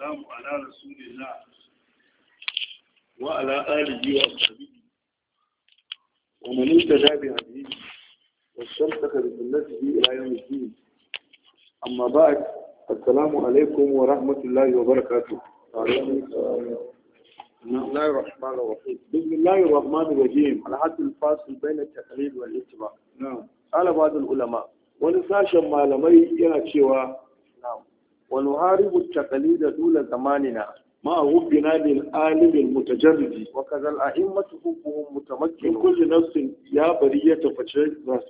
wasalamu ala rasulillah wa ala alihi wa sahbihi wa man ittaba bi hadihi wa shamtaka bi sunnatihi ila yawm al-din amma ba'd assalamu alaykum wa rahmatullahi wa barakatuh بسم الله الرحمن الرحيم الحد الفاصل بين التقليد والاتباع نعم قال بعض العلماء ولساشا ما لمي ينا نعم ونهارب التقليد دول زماننا مع حبنا للعالم المتجرد وكذا الأئمة حبهم متمكن كل نفس يا برية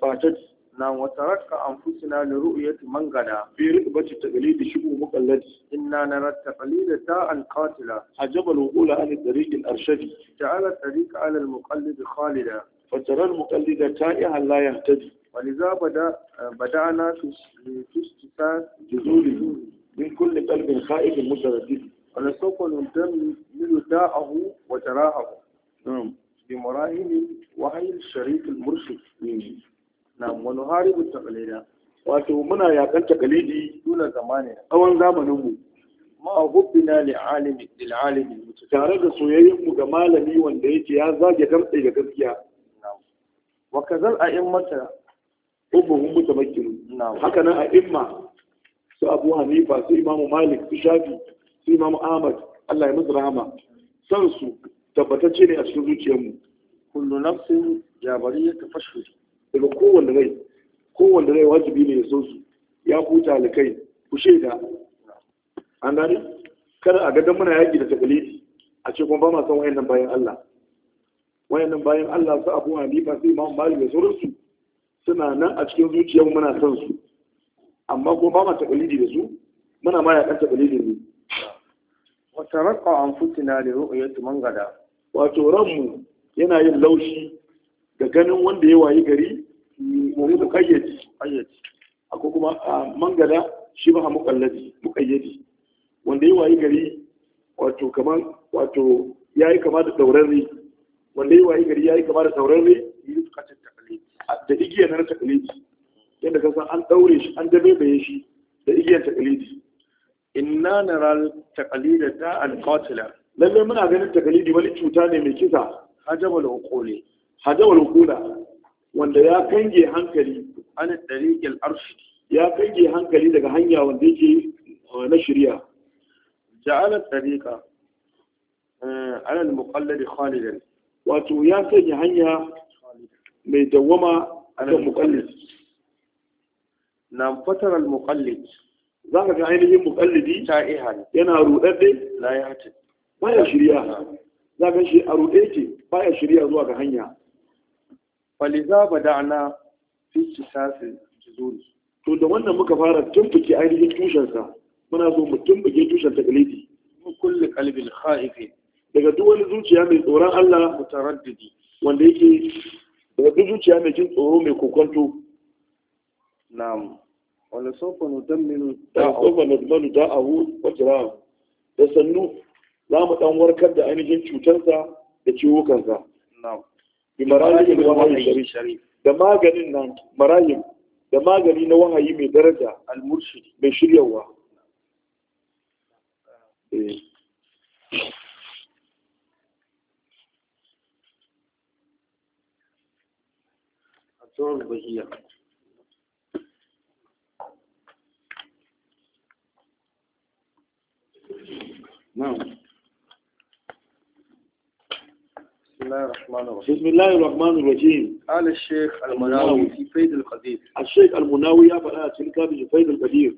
فاتت نعم وترك أنفسنا لرؤية من غدا في رقبة التقليد شبه مقلد إنا نرى التقليد داء قاتلا عجب الوغول عن الطريق الأرشدي جعل الطريق على المقلد خالدا فترى المقلد تائها لا يهتدي ولذا بدأ بدأنا في جذوره min kulle qalbin kha'ifin mutaraddid wa nasawqa al-dam min da'ahu wa tarahu bi murahin wa hayl sharik al-murshid na'am wa nuharibu taqlida wato muna yakan taqlidi dole zamani tsawon zamanin mu ma hubbina li alimi lil alimi tare da soyayyen mu ga malami wanda yake ya zage gamtse ga gaskiya wa kazal a'immata ubuhum mutamakkiru haka nan a'imma su abu hanifa su imamu malik su shafi su imamu ahmad allah ya musu rahama san su tabbatacce ne a cikin zuciyarmu kullu jabari ya ta shi daga kowanne rai kowanne rai wajibi ne ya so su ya huta alikai ku shaida an gani kada a gadon muna yaki da takalidi a ce kuma ba ma san wayannan bayan Allah wayannan bayan Allah su abu hanifa su imamu malik da sauransu suna nan a cikin zuciyarmu muna san su amma kuma ba ma takalidi da su muna ma yakan takalidi ne wa na da li yadda man gada wato ranmu yana yin laushi da ganin wanda ya wayi gari mai da kayyadi kayyadi akwai kuma man gada shi ba muqalladi muƙayyadi. wanda ya wayi gari wato kamar wato kama da daurarre wanda ya wayi gari yi kama da daurarre yi kacin takalidi da igiyar na takalidi yadda ka san an daure shi an dabebe shi da igiyar takalidi. inna nara takalida ta al-qatila lalle muna ganin takalidi wani cuta ne mai kisa hajabal uquli hajabal uqula wanda ya kange hankali an tariqil arshi ya kange hankali daga hanya wanda yake eh, na shirya. ja'ala tariqa eh, ala al-muqallid khalidan wato ya sanya hanya mai dawwama ala al-muqallid Na fatar al-muqallid za ka ga ainihin muqallidi ta'ihan yana rudadde la ya hatin baya shirya za ka shi a rude yake baya shirya zuwa ga hanya faliza bada'na fi kisasi juzuri to da wannan muka fara tumbuke ainihin tushensa muna so mu tumbuke tushen taqlidi mu kulli qalbin khaifin daga duk wani zuciya mai tsoron Allah mutaraddidi wanda yake daga duk zuciya mai jin tsoro mai kokonto na'am wala sofa nudammilu da sofa nudammilu da da sannu za mu dan warkar da ainihin cutarsa da ciwukansa bi wahayi da maganin nan da magani na wahayi mai daraja al mai shiryawa eh نعم. بسم الله الرحمن الرحيم قال الشيخ المناوي في فيد القدير الشيخ المناوي يا بلاء تلك في فيد القدير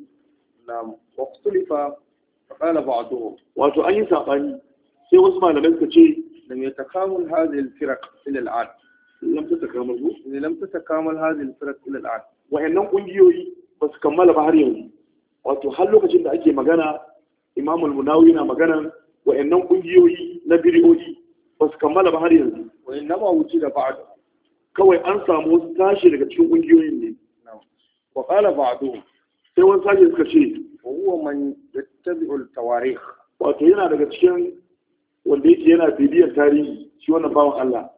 نعم واختلف فقال بعضهم وأتو أي ساقن في وصمة لمنك شيء لم يتكامل هذه الفرق إلى الان لم تتكامل إن يعني لم تتكامل هذه الفرق إلى العاد وهي نوع بس كمال بحريهم وأتو حلو كجل أجي مغانا imam al-munawi na magana wa'annan kungiyoyi na biriyoyi ba su kammala ba har yanzu wa'in ba wuce da ba'ad kawai an samu wasu tashi daga cikin kungiyoyin ne wa qala ba'du sai wani sashi suka ce wa huwa man yattabi'u al-tawarikh wato yana daga cikin wanda yake yana bibiyar tarihi shi wannan bawan Allah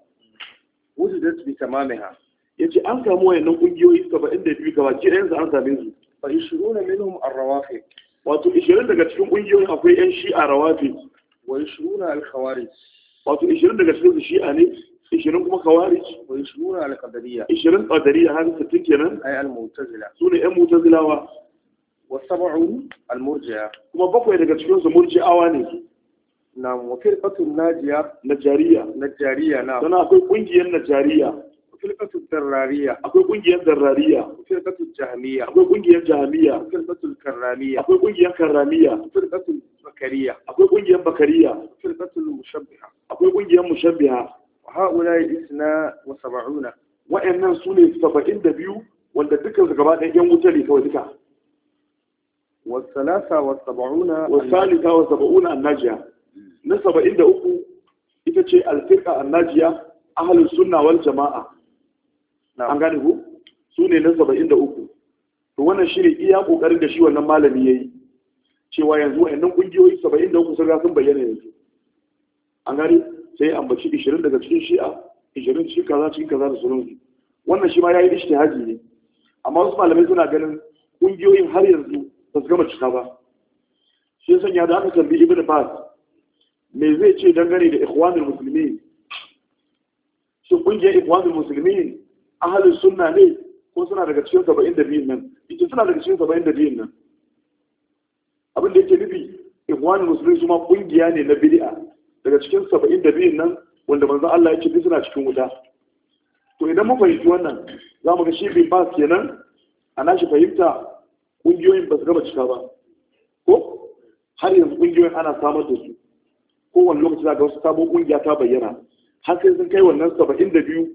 su bi tamamiha yace an samu wayannan kungiyoyi 72 gaba ki ɗayan su an same su fa yashuruna minhum ar-rawafiq wato 20 daga cikin kungiyoyin akwai yan shi'a rawafi wa 20 al-khawarij wato 20 daga cikin shi'a ne 20 kuma khawarij wa 20 al-qadariyya 20 qadariyya har 60 kenan ay al-mu'tazila sune yan mu'tazilawa wa sab'u al-murji'a kuma bakwai daga cikin su murji'awa ne na wa firqatun najiya najariya najariya na sana akwai kungiyar najariya firqatu darrariya akwai kungiyar darrariya firqatu jahmiya akwai kungiyar jahmiya firqatu karramiya akwai kungiyar karramiya firqatu bakariya akwai kungiyar bakariya firqatu mushabbiha akwai kungiyar mushabbiha haula isna wa sab'una wa'annan sune 72 wanda dukkan su gaba ɗaya yan wuta ne kawai والثلاثة والسبعون والثالثة والسبعون الناجية نسبة إلى أكو إذا الفرقة الناجية أهل السنة والجماعة an gane ku su ne na saba'in da uku to wannan shi ne iya ƙoƙarin da shi wannan malami ya yi cewa yanzu wayannan ƙungiyoyi saba'in da uku sun ga sun bayyana yanzu an gane sai ambaci ishirin daga cikin shi'a ishirin cikin kaza cikin kaza da sauransu wannan shi ma ya yi haji ne amma wasu malamai suna ganin ƙungiyoyin har yanzu ba su gama cika ba shi ya sanya da aka tambi ibn baz me zai ce dangane da ikhwanul muslimin shin ƙungiyar ikhwanul muslimin ahalin sunna ne ko suna daga cikin saba'in da biyun nan ita suna daga cikin saba'in da biyun nan abin da yake nufi ikhwanul musulun su ma kungiya ne na bid'a daga cikin saba'in da biyun nan wanda manzon Allah ya ce duk suna cikin wuta to idan mun fahimci wannan za mu ga shi bin bas kenan a nashi fahimta kungiyoyin ba su gama cika ba ko har yanzu kungiyoyin ana samar da su kowane lokaci za ga wasu sabon kungiya ta bayyana har sai sun kai wannan saba'in da biyu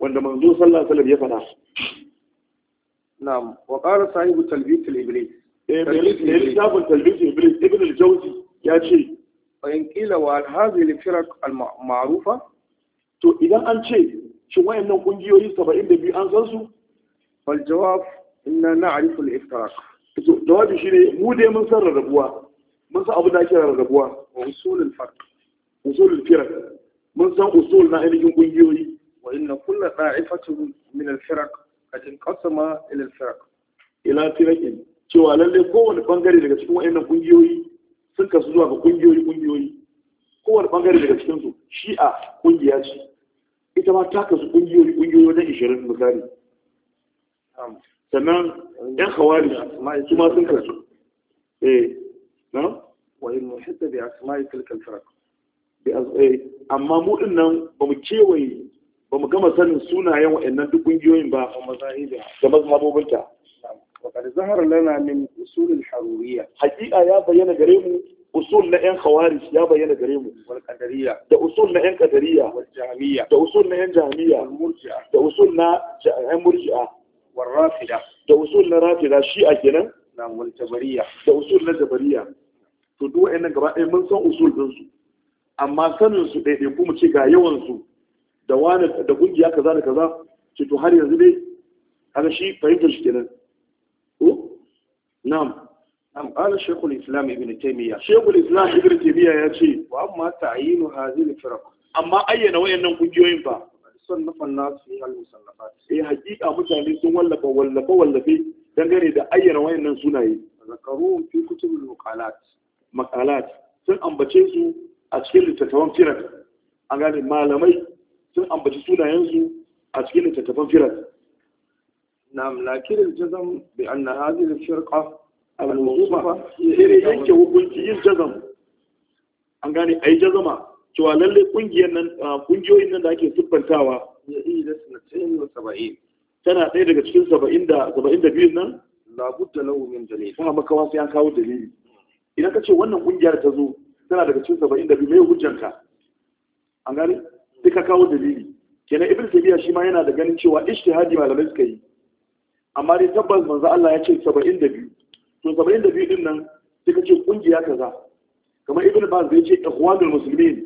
wanda manzo sallallahu alaihi ya faɗa na'am wa qala sahibu talbis al-iblis eh mai littafin talbis iblis ibn al-jawzi ya ce fa in qila wa hadhihi al-firaq al-ma'rufa to idan an ce shin wayannan kungiyoyi 72 an san su fal jawab inna na'rifu al-iftiraq to jawabi shine mu dai mun san rarrabuwa mun san abu da ake rarrabuwa wa usul al-farq usul al-firaq mun san usul na ainihin kungiyoyi وإن كل طائفة من الفرق قد انقسم إلى الفرق إلى فرق cewa lalle kowane bangare daga cikin wayannan kungiyoyi sun kasu zuwa ga kungiyoyi kungiyoyi kowane bangare daga cikin su shi'a kungiya ce ita ma ta kasu kungiyoyi kungiyoyi na 20 misali sannan yan hawari su ma sun kasu eh na wa in muhitta bi asma'i tilka al bi amma mu dinnan bamu kewaye ba mu gama sanin sunayen wa'annan duk kungiyoyin ba a mazahiri da mazhabobinta wakar zahar lana min usulul haruriya hakika ya bayyana gare mu usul na yan khawarij ya bayyana gare mu wal qadariya da usul na yan qadariya wal jahmiya da usul na yan jahmiya wal murji'a da usul na yan murji'a wal rafida da usul na rafida shi a kenan na wal jabariya da usul na jabariya to duk wa'annan gaba ɗaya mun san usul din su amma sanin su ɗaiɗaiku mu ce ga yawan su da wani da kungiya kaza da kaza ce to har yanzu dai haka shi fahimtar shi kenan ko na'am am qala shaykhul islam ibn taymiya shaykhul islam ibn taymiya ya ce wa amma ta'yinu hadhihi firaq amma ayyana wayannan kungiyoyin fa sannafan nasu al musallafat eh hakika mutane sun wallafa wallafa wallafe dangane da ayyana wayannan sunaye zakaru fi kutubul maqalat maqalat sun ambace su a cikin littattafan firaq an gane malamai sun ambaci sunayensu a cikin littattafan firar na lakin jazam bi anna hadhihi al-firqa al-mawsufa sai yanke hukunci yin jazam an gane ai jazama cewa lalle kungiyar nan kungiyoyin nan da ake siffantawa ya yi da sanatin wa saba'in tana ɗaya daga cikin saba'in da saba'in da biyun nan labudda lahu min dalil ba makawa sai an kawo dalili idan ka ce wannan kungiyar ta zo tana daga cikin saba'in da biyu mai hujjanka an gane sai ka kawo dalili kenan ibn tabiya shi ma yana da ganin cewa ijtihadi malamai suka yi amma dai tabbas manzo Allah ya ce 72 to 72 din nan sai ka ce kungiya kaza kamar ibn baz ya ce ikhwanul muslimin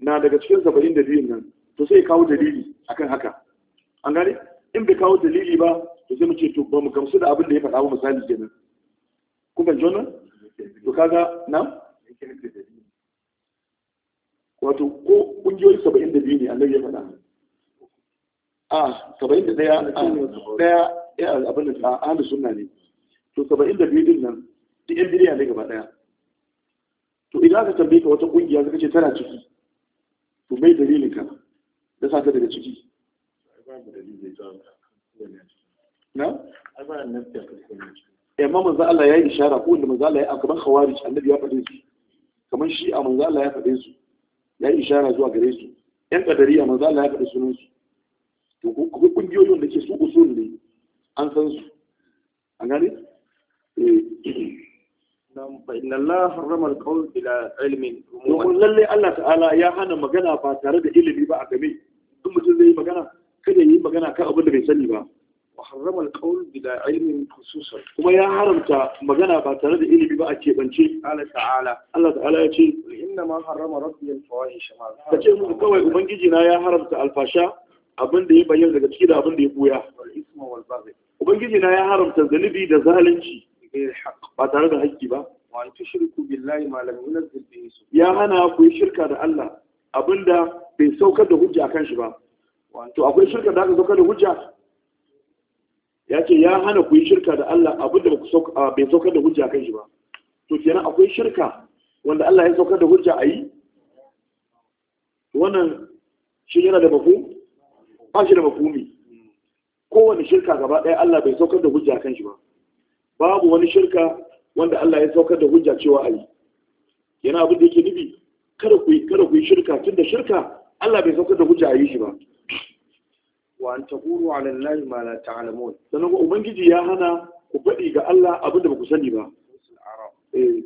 na daga cikin 72 nan to sai kawo dalili akan haka an gane in bai kawo dalili ba to sai mu ce to ba mu gamsu da abin da ya faɗa ba misali kenan kun fahimci wannan to kaga na wato ko kungiyoyi saba'in da biyu ne a ya faɗa a saba'in da ɗaya ɗaya ya eh, abin da a ahalin sunna ne to saba'in da biyu din nan duk yan biriya ne gaba ɗaya to idan aka tambaye ka wata kungiya suka ce tana ciki to mai dalilin ka da sa ta daga ciki na? amma manzo Allah ya yi ishara ko wanda manzo Allah ya a gaban khawarij annabi ya faɗe su kamar shi a manzo Allah ya faɗe su ya yi ishara zuwa gare su yan kadariya manzo Allah ya faɗi sunan su to kungiyoyin da ke su usul ne an san su an gane eh. nan fa inna Allah harrama al-qawl bila ilmin domin lalle Allah ta'ala ya hana magana ba tare da ilimi ba a game in mutum zai yi magana kada yi magana kan abin da bai sani ba wa harrama alqawl bila ilmin khususan kuma ya haramta magana ba tare da ilimi ba a keɓance Allah ta'ala Allah ta'ala ya ce inna ma harrama rabbi al-fawahish ma ta ce mu kawai ubangiji na ya haramta alfasha abin da ya bayyana daga ciki abin da ya buya ubangiji na ya haramta zalibi da zalunci ba tare da haƙƙi ba wa tushriku billahi ma lam yunzil bihi ya hana ku shirka da Allah abinda bai saukar da hujja ba akwai shirka da saukar da hujja ya ce ya hana ku yi shirka da Allah abin da bai saukar da hujja kan shi ba to kenan akwai shirka wanda Allah ya saukar da hujja a yi wannan shi yana da mafu ba shi da mafhumi kowane shirka gaba ɗaya Allah bai saukar da hujja kan shi ba babu wani shirka wanda Allah ya saukar da hujja cewa a yi yana abin da yake nufi kada ku yi shirka tunda shirka Allah bai saukar da hujja a yi shi ba wa an taqulu ala allahi ma la ta'lamun sannan ko ubangiji ya hana ku faɗi ga Allah abin da ba ku sani ba eh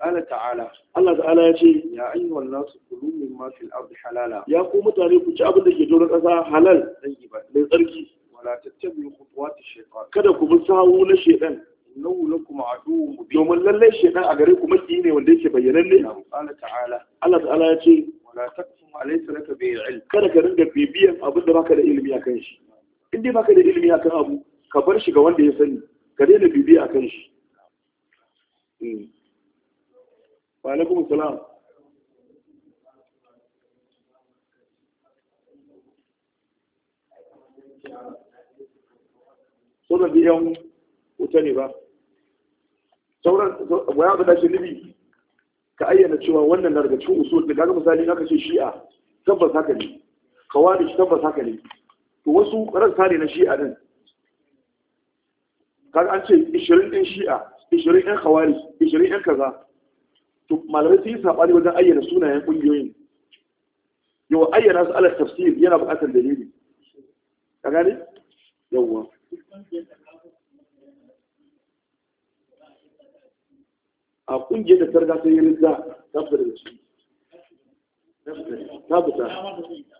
qala ta'ala Allah ta'ala ya ce ya ayyuhan nas kulu mimma fil ardi halala ya ku mutane ku ci abin da ke doron ƙasa halal ba mai tsarki wala tattabi'u khutuwati shaytan kada ku bi sawu na shaytan innahu lakum aduwwun mubin domin lalle shedan a gare ku maki ne wanda yake bayyananne Allah ta'ala Allah ta'ala ya ce wala taqfu ma laysa laka bi ilm kada ka ringa bibiyan abin da baka da ilimi akan shi in dai baka da ilimi akan abu ka bar shi ga wanda ya sani ka daina bibiya akan shi hmm. wa alaikum salam so da biyan wuta ne ba sauran wa ya da shi libi ka ayyana cewa wannan na daga cikin usul da gaga misali na kace shi'a tabbas haka ne khawarij tabbas haka ne to wasu rassa ne na shi'a din kaga an ce 20 din shi'a 20 din khawarij 20 din kaza to malamai sun yi sabani wajen ayyana sunayen kungiyoyin yawa ayyana su ala tafsir yana buƙatar dalili ka gane yawa a kungiyar da targa ta yi nisa ta fita da shi ta fita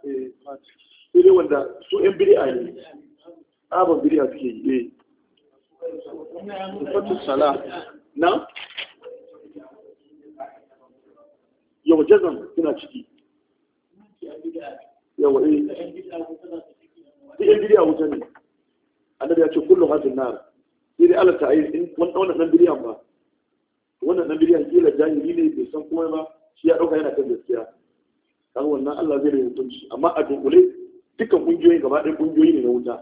eh, sai dai wanda su yan bid'a ne tsaban bid'a suke yi eh. fatin sala na yau jazan suna ciki yau eh duk yan a wuta ne annabi ya ce kullum hadin nar sai dai Allah ta'ala in wannan nan bid'a ba wannan dan bidiyan kila jahili ne bai san komai ba shi ya dauka yana kan gaskiya kaga wannan Allah zai rinka shi. amma a dunkule dukkan kungiyoyi gaba ɗaya kungiyoyi ne na wuta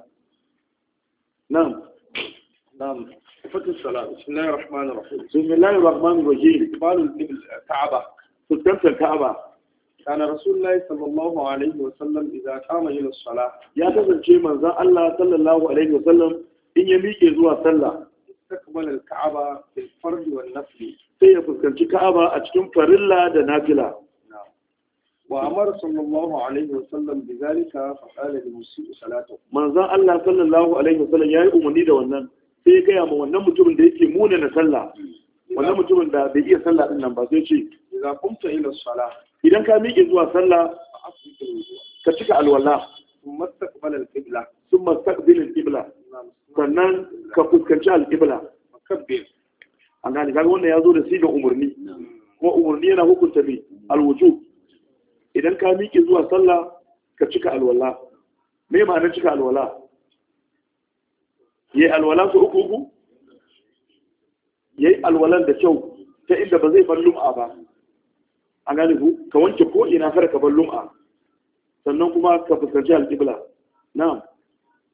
na'am na'am fatin salat bismillahir rahmanir rahim bismillahir rahmanir rahim qalu al eh, ka'aba كان رسول الله صلى الله عليه وسلم إذا قام إلى الصلاة يا تزن شيء من ذا الله صلى الله عليه وسلم إن يميك يزوى صلى يستقبل الكعبة بالفرد والنفل سيفكر كعبة أتكون فرلا دنافلة وأمر صلى الله عليه وسلم بذلك فقال لمسيء صلاته من ذا الله صلى الله عليه وسلم يا أمني ده ونن sai gaya ma wannan mutumin da yake muna na sallah wannan mutumin da bai iya sallah din nan ba sai ce idza qumta ila salah idan ka miƙe zuwa sallah ka cika alwala thumma taqbal sannan ka fuskanci alƙibla an gani gani wannan ya zo da siga umarni kuma umarni yana hukunta mai alwuju idan ka miƙe zuwa sallah ka cika alwala me ma'anar cika alwala yayi alwala su uku uku yayi alwalan da kyau ta inda ba zai ballum a ba an gani ku ka wanke ko ina kada ka ballum a sannan kuma ka fuskanci alƙibla na'am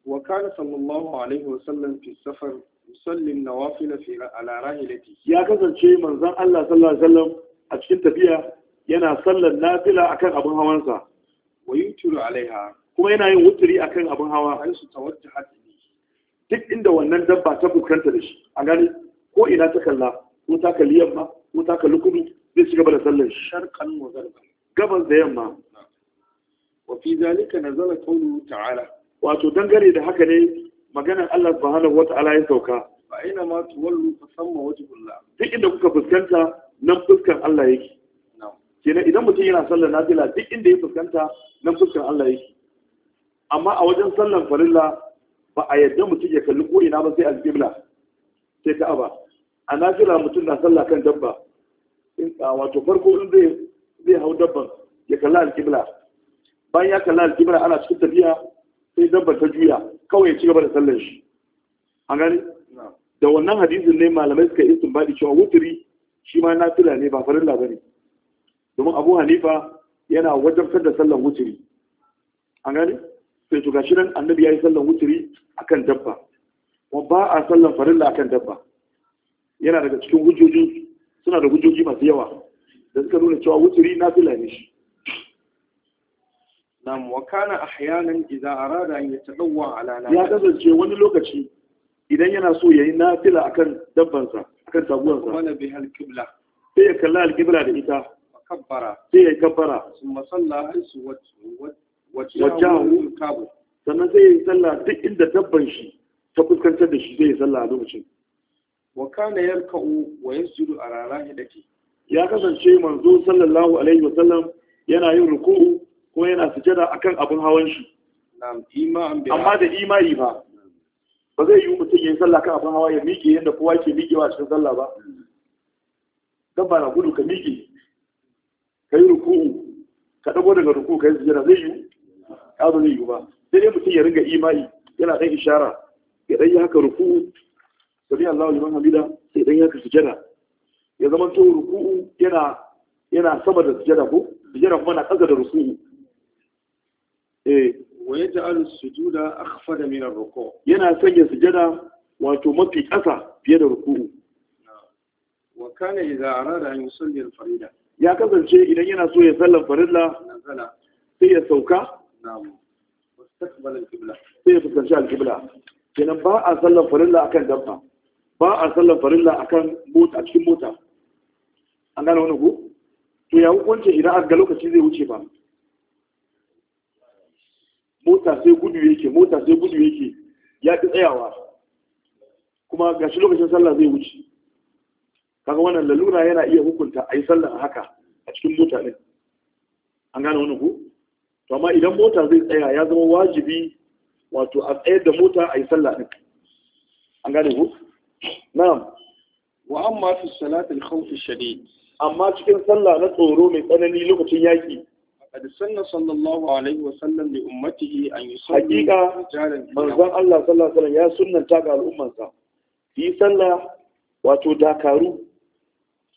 وكان صلى الله عليه وسلم في السفر يصلي النوافل في على راحلته يا كسانشي منزان الله صلى الله عليه a cikin tafiya yana sallar nafila akan abin hawansa wa yutiru alaiha kuma yana yin wuturi akan abin hawa an su tawajja hadini duk inda wannan dabba ta bukanta da shi a gani ko ina ta ko ta ko ta zai ci gaba da sallar sharqan wa gabas da yamma wa fi zalika nazala qawluhu ta'ala wato dangare da haka ne maganar Allah subhanahu ala ya sauka fa aina ma tuwallu fa samma wajhullah duk inda kuka fuskanta nan fuskan Allah yake kenan idan mutum yana sallar nafila duk inda ya fuskanta nan fuskan Allah yake amma a wajen sallar farilla ba a yadda mutum ya kalli ko'ina ba sai alƙibla sai aba, a nafila mutum na sallah kan dabba wato farko in zai hau dabban ya kalli alƙibla bayan ya kalli alƙibla ana cikin tafiya sai dabba ta juya kawai ya ci gaba da sallar shi an gani da wannan hadisin ne malamai suka yi baɗi cewa wuturi shi ma nafila ne ba farilla bane domin abu hanifa yana wajabtar da sallar wuturi an gani sai to gashi nan annabi ya yi sallar wuturi akan dabba wa ba a sallar farilla akan dabba yana daga cikin hujjoji suna da hujjoji masu yawa da suka nuna cewa wuturi nafila ne shi nam wa kana ahyanan idza arada an yatadawwa ala nafsi ya kasance wani lokaci idan yana so yayi nafila akan dabbansa akan tabuwansa. wala bi hal qibla sai ya kalla al qibla da ita kabbara sai ya kabbara summa salla haisu wajahu kabu sannan sai ya sallah duk inda dabban shi ta fuskantar da shi zai sallah a lokacin wa kana yarka'u wa yasjudu ala rahilati ya kasance manzo sallallahu alaihi wa sallam yana yin ruku'u ko yana sujada akan abin hawan shi amma da imani ba ba zai yi mutum ya yi sallah kan abin hawa ya miƙe yadda kowa ke miƙewa a cikin sallah ba dabba na gudu ka miƙe ka yi ruku'u ka ɗago daga ruku'u ka yi sujada zai yi Ya ba zai yi ba sai dai mutum ya ringa imani yana ɗan ishara ya ɗan yi haka ruku'u sami Allah liman hamida sai ɗan yi haka sujada ya zama to ruku'u yana yana sama da sujada ko sujada kuma na ƙasa da ruku'u Eh. wa yaj'alu as-sujuda akhfada min ar-ruku' yana sanya sujada wato mafi ƙasa fiye da ruku'u wa kana idza arada an yusalli al-farida ya kasance idan yana so ya sallan farilla sai ya sauka na'am wastaqbala al-qibla sai ya fuskanci al-qibla kenan ba a sallan farilla akan dabba ba a sallan farilla akan mota cikin mota an gane wani ku? to ya hukunce idan aka ga lokaci zai wuce ba mota sai gudu yake mota sai gudu yake ya fi tsayawa kuma ga shi lokacin sallah zai wuce kaga wannan lalura yana iya hukunta a yi sallah haka a cikin mota ɗin an gane wani ku to amma idan mota zai tsaya ya zama wajibi wato a tsayar da mota a yi sallah ɗin an gane ku na'am wa amma fi salatul khawf shadid amma cikin sallah na tsoro mai tsanani lokacin yaki Ali sallallahu alaihi wa sallar da'um, mataki ayyusofu, jarin gina Allah sallallahu alaihi wa sallam ya sunanta ga al'ummansa. Su yi sallah, wato dakaru.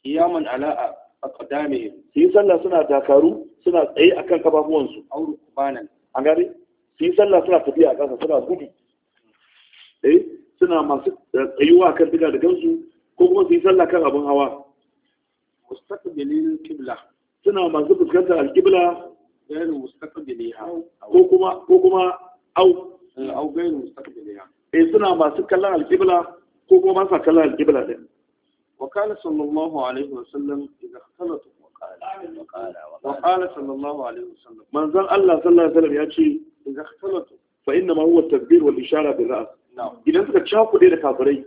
Iyamun ala'a a yi sallah suna dakaru, suna tsaye akan kababuwansu. A wani kuma ne, a nare? yi sallah suna tafiya a ƙasa, suna gudu. Suna masu tsayuwa kan diga da kansu. Ko kuma yi sallah kan abin hawa. Wasu saka belinin suna masu fuskantar alƙibla gairu mustaqbiliha ko kuma ko kuma au eh, au gairu mustaqbiliha eh suna masu kallon alƙibla ko kuma ba kallon alƙibla din wa sallallahu alaihi wa sallam idza sallallahu alaihi wa sallam manzon Allah sallallahu alaihi wa ya ce idza khalatu fa inna ma huwa tadbir wal ishara idan suka da kafirai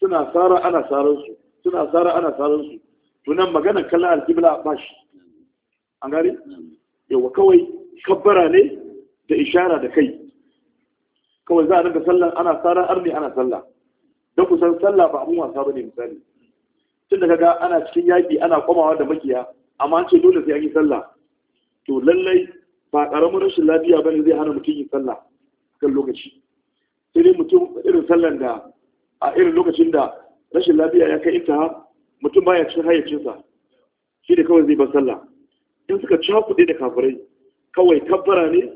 suna sara ana su. suna sara ana saransu to nan maganar kallon alƙibla ba shi an gane yawa kawai kabbara ne da ishara da kai kawai za a daga sallah ana tsara arni ana sallah don kusan sallah ba abun wasa ba ne misali tun da kaga ana cikin yaƙi ana kwamawa da makiya amma ce dole sai an yi sallah to lallai ba ƙaramin rashin lafiya ba ne zai hana mutum yin sallah kan lokaci sai dai mutum irin sallan da a irin lokacin da rashin lafiya ya kai ita mutum baya cikin hayyacinsa shi da kawai zai bar sallah in suka cakuɗe da kafirai kawai kabbara ne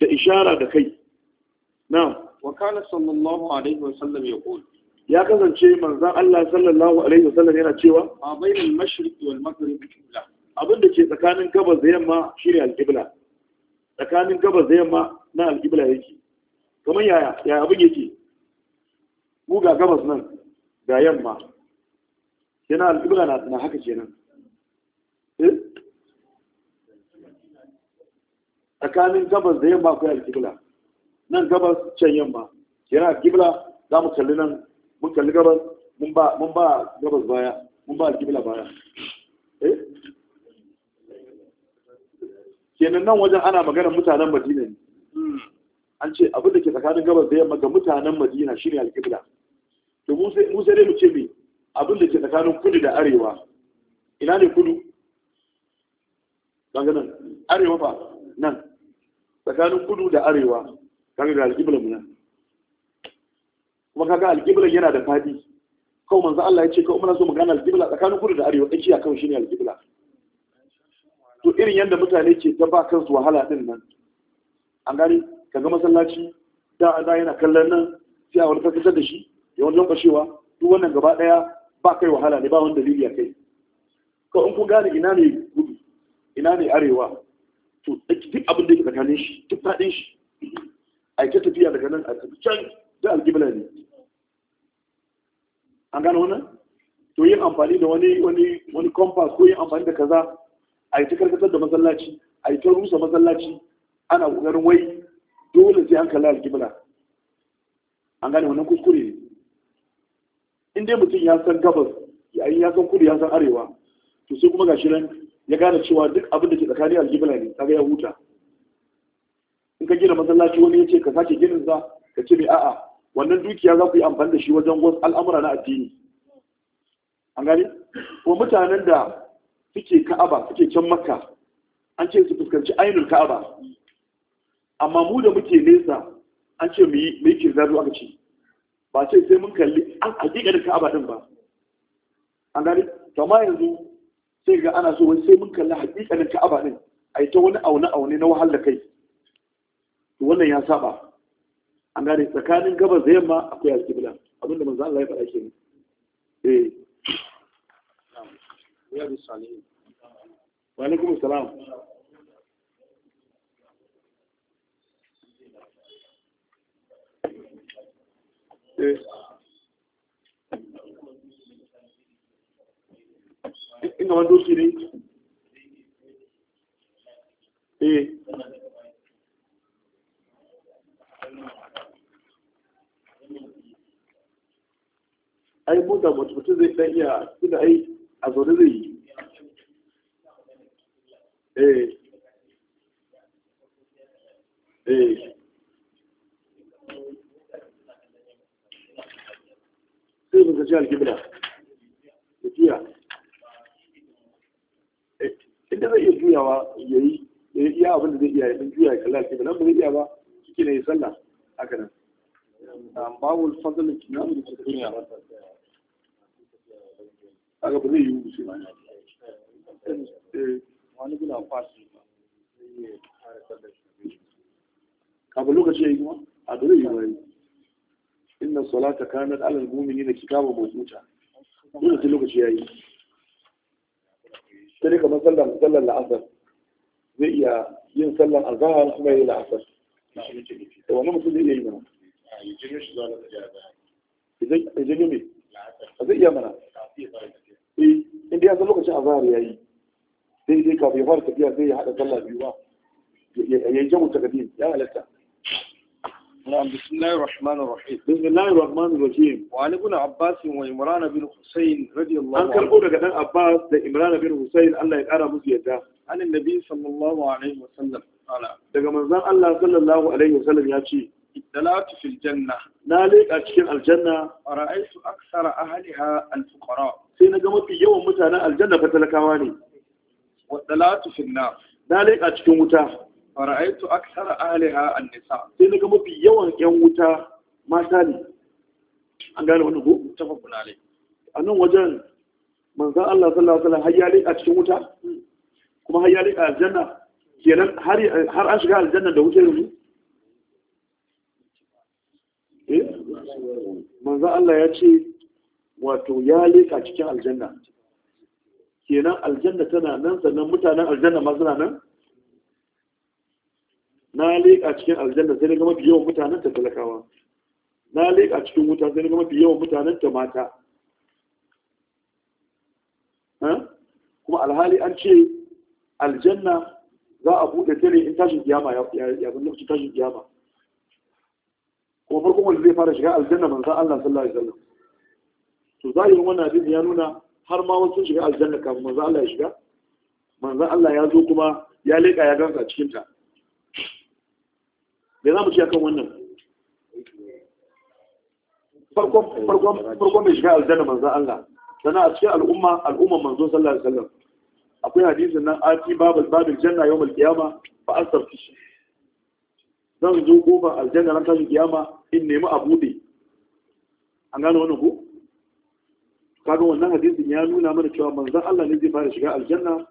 da ishara da kai na wa kana sallallahu alaihi wa sallam ya qul ya kasance manzan Allah sallallahu alaihi wa sallam yana cewa a bainal mashirki wal maghrib kibla abin da ke tsakanin gabas da yamma shi al-qibla tsakanin gabas da yamma na al-qibla yake kamar yaya yaya abin yake mu ga gabas nan ga yamma yana al-qibla na haka kenan tsakanin gabas da yamma akwai alkibla nan gabas can yamma yana alkibla za mu kalli nan mun kalli gabas mun ba mun ba gabas baya mun ba alkibla baya eh kenan nan wajen ana maganar mutanen madina ne an ce abin da ke tsakanin gabas da yamma ga mutanen madina shine alkibla to mu sai dai mu ce me abin da ke tsakanin kudu da arewa ina ne kudu ganin arewa ba nan tsakanin kudu da arewa kaga ga alƙiblar mu nan kuma kaga alƙiblar yana da fadi kawai manzo Allah ya ce kawai muna so mu gane alƙibla tsakanin kudu da arewa ya kawai shine alƙibla to irin yanda mutane ke ta ba kansu wahala din nan an gani kaga masallaci da da yana kallon nan sai a wani da shi ya wani lankwashewa duk wannan gaba daya ba kai wahala ne ba wani dalili a kai ko in ku gane ina ne gudu ina ne arewa to duk abin da ke tsakanin shi duk faɗin shi a yi ta tafiya daga nan a tafi can da algibla ne an gano wannan to yin amfani da wani wani wani compass ko yin amfani da kaza a yi ta karkatar da masallaci a yi ta rusa masallaci ana kokarin wai dole sai an kalla algibla an gane wannan kuskure ne in dai mutum ya san gabas yayin ya san kudu ya san arewa to sai kuma gashi nan ya gane cewa duk abin da ke tsakanin aljibla ne kaga ya huta in ka gina masallaci wani ya ce ka sake ginin sa ka ce mai a'a wannan dukiya za ku yi amfani da shi wajen wasu al'amura na addini an gani ko mutanen da suke ka'aba suke can makka an ce su fuskanci ainihin ka'aba amma mu da muke nesa an ce mu yi mai kirzazu aka ce ba ce sai mun kalli an da ka'aba din ba an gani to amma yanzu sai ga ana so wani sai mun kalli hakikanin ka'aba din a yi ta wani aune aune na wahala kai to wannan ya saba an gane tsakanin gabas da yamma akwai alkibla abinda manzo Allah ya faɗa kenan eh ya bi salihin wa alaikum assalam eh in gaban doki ne eh ai mota mutum zai iya ai a zai yi eh eh sai ga jihar iya ya juya ya kalla ce ba nan ba zai iya ba kike ne sallah haka nan an bawul fadl kinan da duniya haka ba zai yi wuce ba eh. wani gina fashi kafin lokaci ya yi kuma a dole yi wani inna salata kanat alal mu'minina kitaban mawquta dole sai lokaci ya yi sai kamar sallar sallar la'asar zai iya yin sallan azahar kuma ya yi la'asar wani mutum zai iya yi mana idan yi mai zai iya mana inda ya san lokacin azahar ya yi sai dai kafin ya fara tafiya zai ya haɗa sallah biyu ba ya yi jamu takadim ya halatta نعم بسم الله الرحمن الرحيم بسم الله الرحمن الرحيم وعن ابن عباس وإمران بن حسين رضي الله عنه أنكر قولك أن عباس لإمران بن حسين الله يقرأ مزيدا عن النبي صلى الله عليه وسلم قال daga manzon Allah sallallahu alaihi ya ce ittalatu fil janna na leka cikin aljanna ra'aytu aksara ahliha al fuqara sai naga mafi yawan mutanen aljanna fa talakawa ne wa talatu fil nar na leka cikin wuta ra'aytu aksara ahliha an nisa sai naga mafi yawan yan wuta mata ne an gane wannan ko tafakkuna alai a nan wajen manzon Allah ya leka cikin wuta kuma har ya rika aljanna kenan har an shiga aljanna da wuce yanzu eh manzo Allah ya ce wato ya leka cikin aljanna kenan aljanna tana nan sannan mutanen aljanna ma suna nan na leka cikin aljanna sai ga mafi yawan mutanen ta talakawa na leka cikin wuta sai ga mafi yawan mutanen ta mata kuma alhali an ce aljanna za a buɗe ta ne in tashin kiyama ya bin lokacin tashin kiyama kuma farkon wanda zai fara shiga aljanna manzo Allah sallallahu alaihi wasallam to zahirin wannan hadisi ya nuna har ma wasu shiga aljanna kafin manzo Allah ya shiga manzo Allah ya zo kuma ya leka ya gansa cikin ta me za mu ci akan wannan farkon farkon farkon mai shiga aljanna manzo Allah sana a cikin al'umma al'umma manzo sallallahu alaihi wasallam akwai hadisin nan ati babal babil janna yawmal qiyama fa asarfi shi zan zo kofar aljanna ran tashi kiyama in nemi a bude an gano wannan ko kaga wannan hadisin ya nuna mana cewa manzan Allah ne zai fara shiga aljanna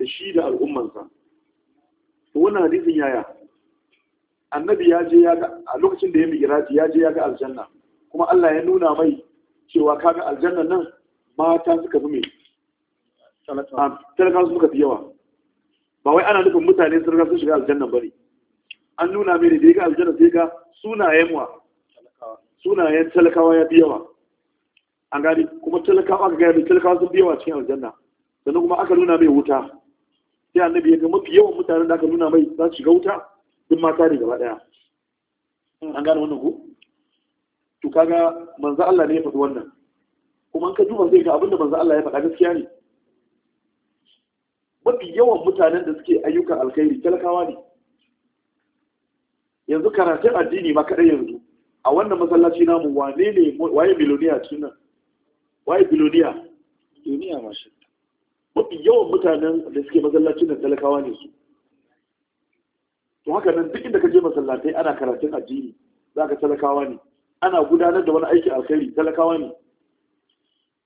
da shi da al'ummansa wannan hadisin yaya annabi ya je ya ga a lokacin da ya migraji ya je ya ga aljanna kuma Allah ya nuna mai cewa kaga aljanna nan mata suka fi mai talakawa talaka suka fi yawa ba wai ana nufin mutane sun sun shiga aljanna ba ne an nuna mai da ya ga aljanna sai ga sunayen wa sunayen talakawa ya fi yawa an gani kuma talakawa aka gaya da talakawa sun fi yawa cikin aljanna sannan kuma aka nuna mai wuta sai annabi ya ga mafi yawan mutanen da aka nuna mai za su shiga wuta duk mata ne gaba daya an gane wannan ku? to kaga manzo Allah ne ya faɗi wannan kuma an ka duba sai ga abinda manzo Allah ya faɗa gaskiya ne mafi yawan mutanen da suke ayyukan alkhairi talakawa ne yanzu karatun addini ma kaɗai yanzu a wannan masallaci namu wane ne waye biloniya cikin nan waye biloniya duniya mashi mafi yawan mutanen da suke masallacin nan talakawa ne su to haka nan duk inda ka je masallatai ana karatun addini za ka talakawa ne ana gudanar da wani aikin alkhairi talakawa ne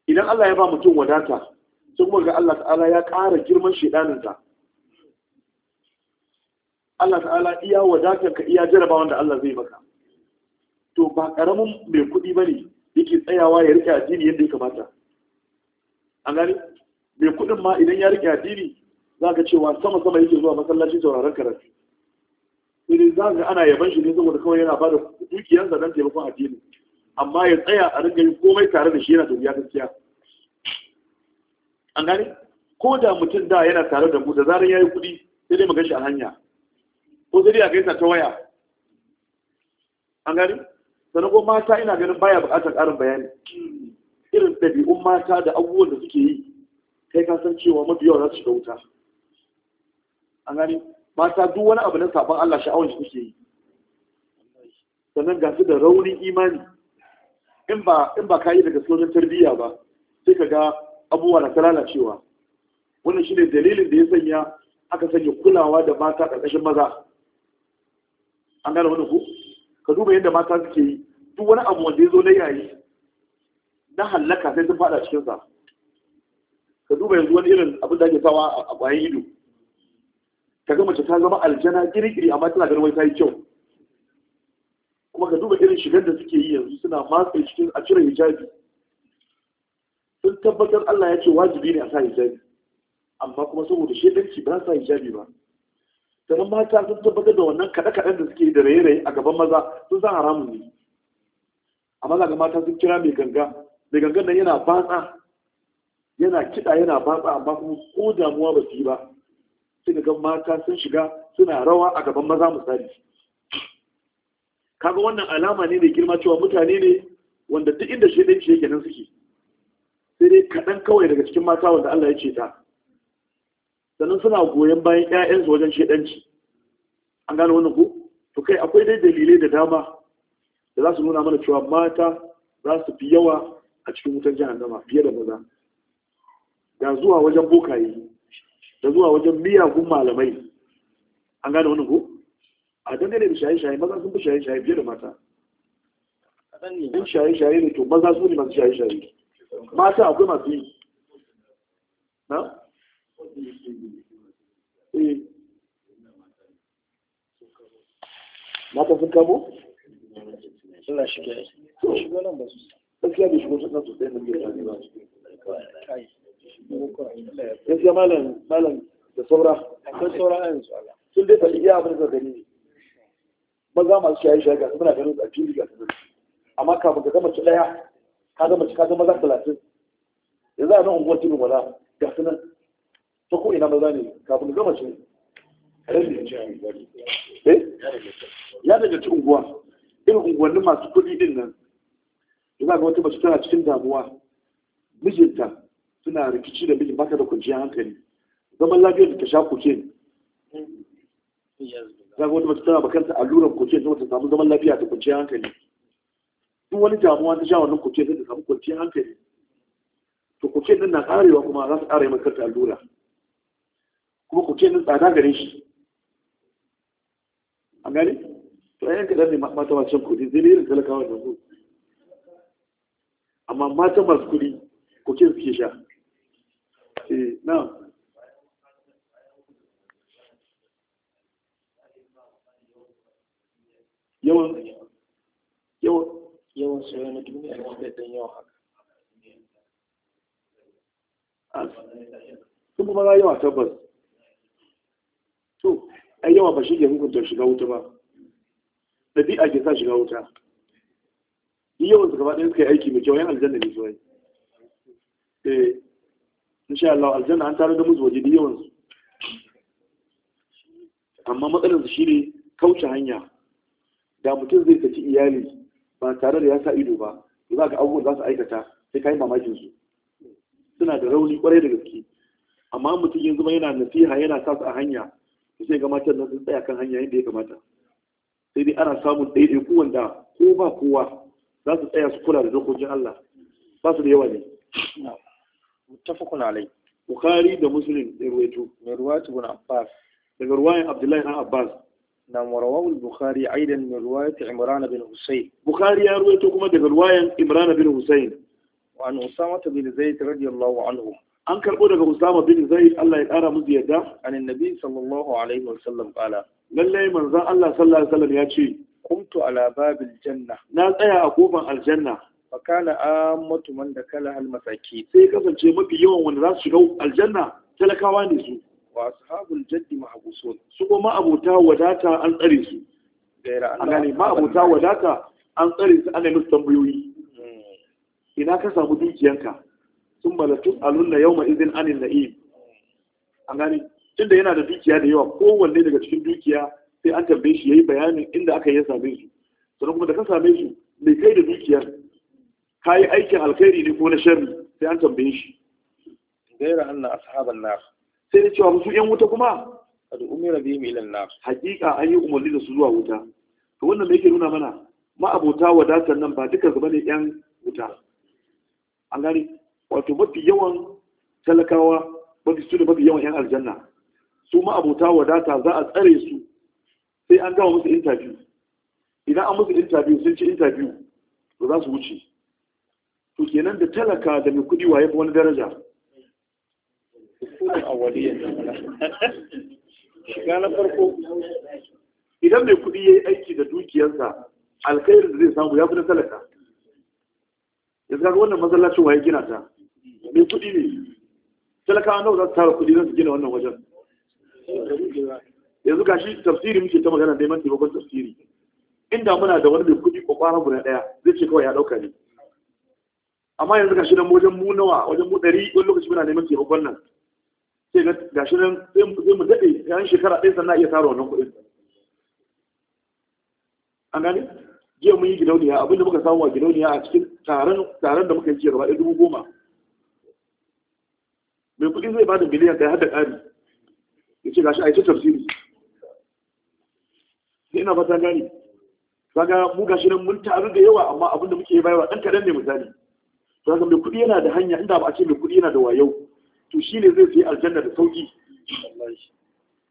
idan Allah ya ba mutum wadata sun ga Allah ta'ala ya ƙara girman shedaninka Allah ta'ala iya wadatar ka iya jaraba wanda Allah zai baka to ba ƙaramin mai kuɗi ba ne yake tsayawa ya rike addini yadda ya kamata an gani mai kuɗin ma idan ya rike addini za ka cewa sama-sama yake zuwa masallaci sauraron karatu sai za ana yaban shi ne saboda kawai yana ba da dukiyarsa don taimakon addini amma ya tsaya a ringa yin komai tare da shi yana da wuya gaskiya an gane ko da mutum da yana tare da mu da zarar ya yi kuɗi sai dai magan shi a hanya ko sai dai a gaisa ta waya an gane sannan ko mata ina ganin baya buƙatar ƙarin bayani irin ɗabi'un mata da abubuwan da suke yi kai ka san cewa mafi yawa za su shiga wuta an gane mata duk wani abu na saɓon Allah sha'awar shi suke yi sannan ga su da raunin imani in ba ka yi daga sojan tarbiyya ba sai ka ga abubuwa na ta lalacewa wannan shi ne dalilin da ya sanya aka sanya kulawa da mata ƙarƙashin maza an gane wani ku ka duba yadda mata suke yi duk wani abu wanda ya zo na yayi na hallaka sai sun faɗa cikinsa ka duba yanzu wani irin abin da ake sawa a bayan ido ka ga mace ta zama aljana girgiri amma tana ganin wai ta yi kyau kuma ka duba irin shigar da suke yi yanzu suna matsa cikin a cire hijabi sun tabbatar Allah ya ce wajibi ne a sa hijabi amma kuma saboda shedanci ba sa hijabi ba sannan mata sun tabbatar da wannan kaɗe-kaɗen da suke da raye-raye a gaban maza sun san haramun ne amma za ga mata sun kira mai ganga mai gangan nan yana batsa yana kiɗa yana batsa amma kuma ko damuwa ba su yi ba sai ga mata sun shiga suna rawa a gaban maza misali kaga wannan alama ne mai girma cewa mutane ne wanda duk inda shedanci yake nan suke kaɗan kawai daga cikin mata wanda Allah ya ce ta sannan suna goyon bayan ƴaƴansu wajen shedanci an gane wannan ku. to kai akwai dai dalilai da dama da za su nuna mana cewa mata za su fi yawa a cikin wutan jahannama fiye da maza da zuwa wajen bokaye da zuwa wajen miyagun malamai an gane wannan ku. a dangane da shaye-shaye maza sun fi shaye-shaye fiye da mata dan shaye-shaye ne to maza su ne masu shaye-shaye mata akwai masu yi na? Eh. mata sun kamo? suna shiga shiga nan ba su gaskiya bai shigo nan sosai da biyar ne ba gaskiya malam malam da saura akwai saura a yanzu sun dai faɗi iya abin da gani ne maza masu shayi shayi ga suna ganin su a fili ga amma kafin ka gama ci ɗaya kaga mace kaga maza talatin yanzu a nan unguwar tibin wala ga su nan ta ko ina maza ne kafin ga mace eh? ya daga ci unguwa irin unguwannin masu kuɗi din nan yanzu ga wata mace tana cikin damuwa mijinta suna rikici da mijin baka da kwanciyar hankali zaman lafiyar da ta sha kuke za ga wata mace tana bakanta alluran kuke ta samu zaman lafiya ta kwanciyar hankali duk wani jamuwa ta sha wannan kuce sai ta samu kwanciyar hankali to kuce din na karewa kuma za su kare maka ta allura kuma kuce din tsada gare shi an gani? to ayyan ka ne mata shan kuɗi zai irin talakawa da su amma mata masu kuɗi kuce suke sha eh na'am yawan yawan yawan soya na duniya da suka dan yawa haka sun kuma za yawa tabbas to ai yawa ba shi ke hukunta shiga wuta ba ɗabi'a ke sa shiga wuta yi yawan su gaba ɗaya suka yi aiki mai kyau yan aljanna ne zuwa eh insha Allah aljanna an tare da musu waje da yawan su amma matsalar su shine kauce hanya da mutum zai tafi iyali ba tare da ya sa ido ba to za ka abubuwan za su aikata sai ka yi mamakin su suna da rauni kwarai da gaske amma mutum yanzu yana nasiha yana sa su a hanya to sai gama can nan sun tsaya kan hanya yadda ya kamata sai dai ana samun ɗaiɗaiku wanda ko ba kowa za su tsaya su kula da dokokin Allah ba su da yawa ne muttafaqun alai bukhari da muslim da ruwaitu mai ruwatu ibn abbas daga ruwayan abdullahi ibn abbas na warawar bukhari aidan min riwayat imran bin husayn bukhari ya ruwaito kuma daga riwayan imran bin husayn wa an usama bin zaid radiyallahu anhu an karbo daga usama bin zaid Allah ya kara musu yadda an annabi sallallahu alaihi wa sallam qala lalle manzon Allah sallallahu alaihi ya ce kumtu ala babil janna na tsaya a kofan aljanna fakana ammatu man dakala al masaki sai kasance mafi yawan wanda za su shiga aljanna talakawa ne su wa ashabul jaddi mahbusun su kuma abota wadata an tsare su a gane ma abota wadata an tsare su ana musu tambayoyi hmm. ina ka samu dukiyanka sun malatun alunna yau ma izin anin na'im a gane tunda yana da dukiya da yawa kowanne daga cikin dukiya sai an tambaye shi ya yi bayanin inda aka yi ya same su sannan kuma da ka same su mai kai da dukiyar ka yi aikin alkhairi ne ko na sharri sai an tambaye shi gaira anna ashaban nar sai da cewa musu yan wuta kuma qad umira bihim ila an-nar Hakika an yi umarni da su zuwa wuta to wannan me yake nuna mana ma abota wadatar nan ba duka zama ne yan wuta an gani wato mafi yawan talakawa mafi su da mafi yawan yan aljanna su ma abota wadata za a tsare su sai an gama musu interview idan an musu interview sun ci interview to za su wuce to kenan da talaka da mai kudi waye wani daraja makunan shiga na farko idan mai kuɗi ya yi aiki da dukiyarsa alkhairin da zai samu ya fi na talaka Ya kaga wannan matsalacin waye gina ta mai kuɗi ne talakawa nawa za su tara kuɗi don su gina wannan wajen yanzu gashi tafsiri muke ta magana neman taimakon tafsiri inda muna da wani mai kuɗi kwakwara guda ɗaya zai ce kawai ya ɗauka ne amma yanzu gashi nan wajen mu nawa wajen mu ɗari wani lokaci muna neman taimakon nan sai ga gashi nan sai mu daɗe yan shekara ɗaya sannan iya tara wannan kuɗin an gane jiya mun yi gidauniya abinda muka samu a gidauniya a cikin taron da muka yi jiya gaba ɗaya dubu goma mai kuɗi zai ba da miliyan ɗaya har da ƙari ya ce gashi a yi ta tafsiri sai ina fata gani kaga mu gashi nan mun taru da yawa amma abinda muke muke bayarwa ɗan kaɗan ne misali to mai kuɗi yana da hanya inda ba a ce mai kuɗi yana da wayo to shi ne zai sayi aljanna da sauki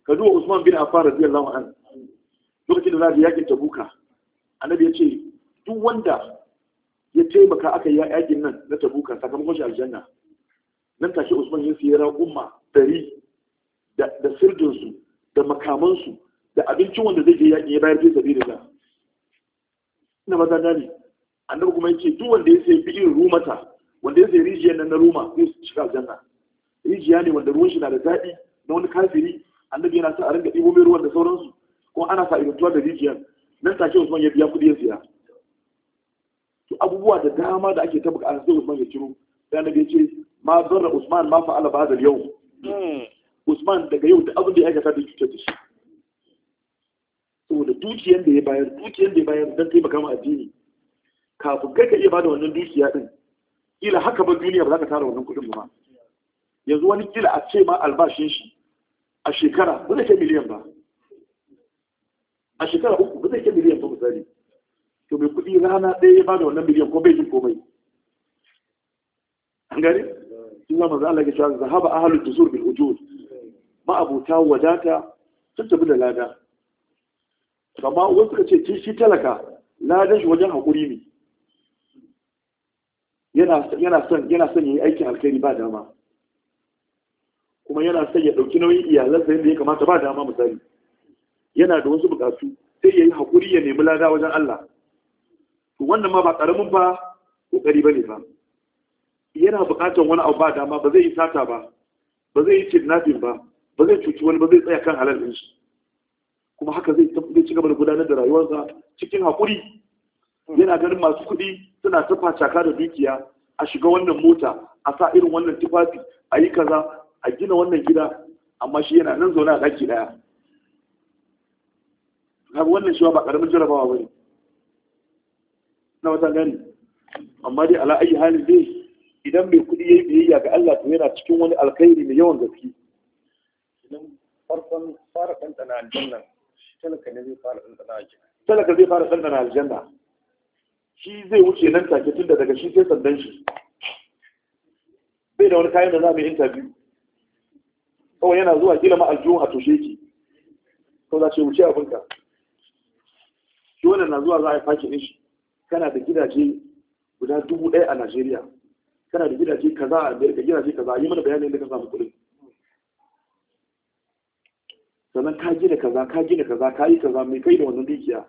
ka zuwa usman bin affan radiyallahu an lokacin da za a yakin tabuka annabi ya ce duk wanda ya taimaka aka yi yakin nan na tabuka sakamakon shi aljanna nan tashi usman ya siyara umma dari da sirdinsu da makamansu da abincin wanda zai je yakin ya bayar fi sabi da na maza gane annabi kuma ya ce duk wanda ya sayi bi'in rumata wanda ya sayi rijiyar nan na ruma zai shiga aljanna rijiya ne wanda ruwan shi na da zaɓi na wani kafiri annabi yana sa a ringa ɗibo mai ruwan da sauransu kuma ana fa'idantuwa da rijiyar nan take Usman ya biya kuɗi ya siya to abubuwa da dama da ake tabbaka a sai Usman ya ciro sai annabi ya ce ma zarra Usman ma fa'ala ba da yau Usman daga yau da abin da ya aikata da cutar da shi saboda dukiyar da ya bayar dukiyar da ya bayar don taimaka ma addini kafin kai ka iya bada wannan dukiya din kila haka ba duniya ba za ka tara wannan kuɗin ba yanzu wani kila a ce ma albashin shi a shekara ba zai kai miliyan ba a shekara uku ba zai kai miliyan ba misali to mai kuɗi rana ɗaya ya bada wannan miliyan ko bai jin komai an gani sun zama za Allah ya ce zahaba ahlul juzur bil ujur ma abuta wadata sun tafi da lada amma wani suka ce shi talaka ladan shi wajen haƙuri ne yana son yana son yi aikin alkhairi ba dama kuma yana son ya dauki nauyin iyalansa yadda ya kamata ba dama misali yana da wasu buƙatu sai ya yi haƙuri ya nemi lada wajen Allah to wannan ma ba karamin ba ƙoƙari ba ne ba yana buƙatar wani abu ba dama ba zai yi sata ba ba zai yi kidnapping ba ba zai cuci wani ba zai tsaya kan halal din shi kuma haka zai ci gaba da gudanar da rayuwarsa cikin hakuri yana ganin masu kuɗi suna tafa chaka da dukiya a shiga wannan mota a sa irin wannan tufafi a yi kaza a gina wannan gida amma shi yana nan zaune a ɗaki ɗaya kaga wannan shi ba ƙaramin jarabawa ba ne na wata gani amma dai ala ayi halin dai idan mai kuɗi ya yi biyayya ga Allah to yana cikin wani alkhairi mai yawan gaske idan farkon fara ɗanɗana aljanna talaka ne zai fara ɗanɗana aljanna talaka zai fara ɗanɗana aljanna shi zai wuce nan take tun da daga shi sai sandan shi bai da wani kayan da za mu yi interview kawai yana zuwa gina ma a tushe ki to za ce wuce abinka shi wannan na zuwa za a yi fakin shi kana da gidaje guda dubu ɗaya a najeriya kana da gidaje kaza a amerika gidaje kaza yi mana bayanin da ka samu kuɗin sannan ka gina kaza ka gina kaza ka yi kaza mai kai da wannan dukiya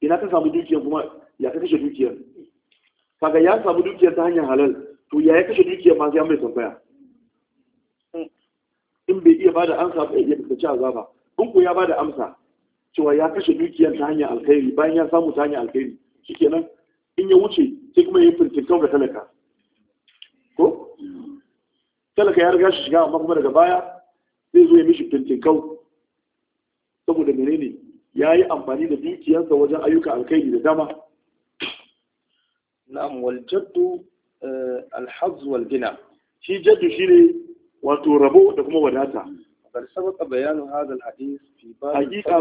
ina ka samu dukiyar kuma ya ka kashe dukiyar kaga ya samu dukiyar ta hanyar halal to ya ya kashe dukiyar ma sai an mai tambaya in bai iya bada amsa ba ya fuskanci azaba in ku ya bada amsa cewa ya kashe dukiyar ta hanyar alkhairi bayan ya samu ta hanyar alkhairi kenan in ya wuce sai kuma ya yi fintinkau da talaka ko talaka ya riga shi shiga amma kuma daga baya zai zo ya mishi fintinkau saboda menene ya yi amfani da dukiyarsa wajen ayyuka alkhairi da dama na'am wal jaddu eh, al hazz wal gina shi jaddu shine wato rabo da kuma wadata قد bayanin بيان هذا الحديث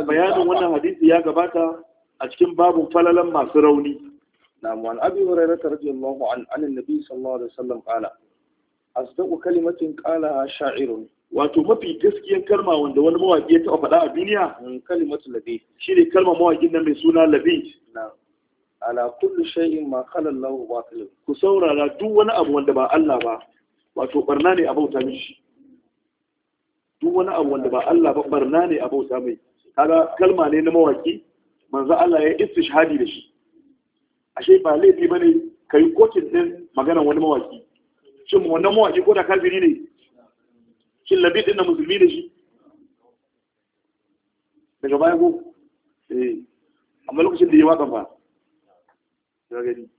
bayanin wannan hadisi ya gabata a cikin babu أشكم باب rauni. ما سروني نعم وعن أبي هريرة رضي الله عنه عن النبي صلى الله عليه وسلم قال أصدق كلمة wato mafi gaskiyan kalma wanda wani mawaki ya taɓa faɗa a duniya kalimatu labi shi kalma mawakin nan mai suna labi ala kulli shay'in ma khala Allah batil ku saurara duk wani abu wanda ba Allah ba wato barna ne a bauta mishi duk wani abu wanda ba Allah ba barna ne a bauta mai kaga kalma ne na mawaki manzo Allah ya istishhadi da shi ashe ba laifi bane kai kotin din magana wani mawaki shin wannan mawaki ko da kafiri ne shin labi din na musulmi ne shi daga baya ko eh amma lokacin da ya waka fa ya gani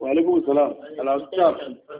wa alaikum salam ala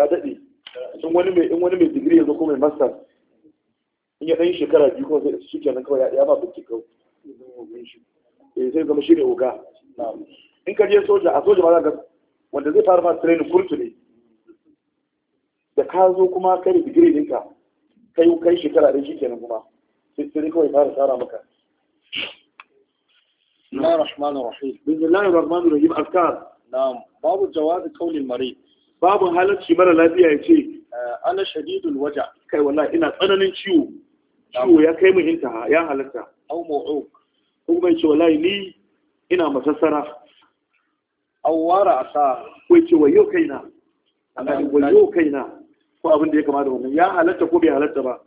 ta daɗe in wani mai in wani mai digiri ya zo ko mai master in ya ɗan shekara biyu kuma sai shi kenan kawai ya ba bincikau eh sai zama shi ne oga in ka je soja a soja ma za ka wanda zai fara fara training kurtu ne da ka zo kuma kai da digiri ɗinka kai kai shekara ɗin shi kenan kuma sai sai kawai fara tsara maka بسم الله الرحمن الرحيم بسم الله الرحمن الرحيم أذكار نعم باب جواز قول المريض babu halarci mara lafiya ya ce eh, ana shadidul waja kai wallahi ina tsananin ciwo ciwo ya kai mu inta, ya halarta au mu'uq ko kuma yace wallahi ni ina masassara au wara asa ko yace wayo kaina ana wayo kaina ko abin da ya kama da wannan ya halarta ko bai halarta ba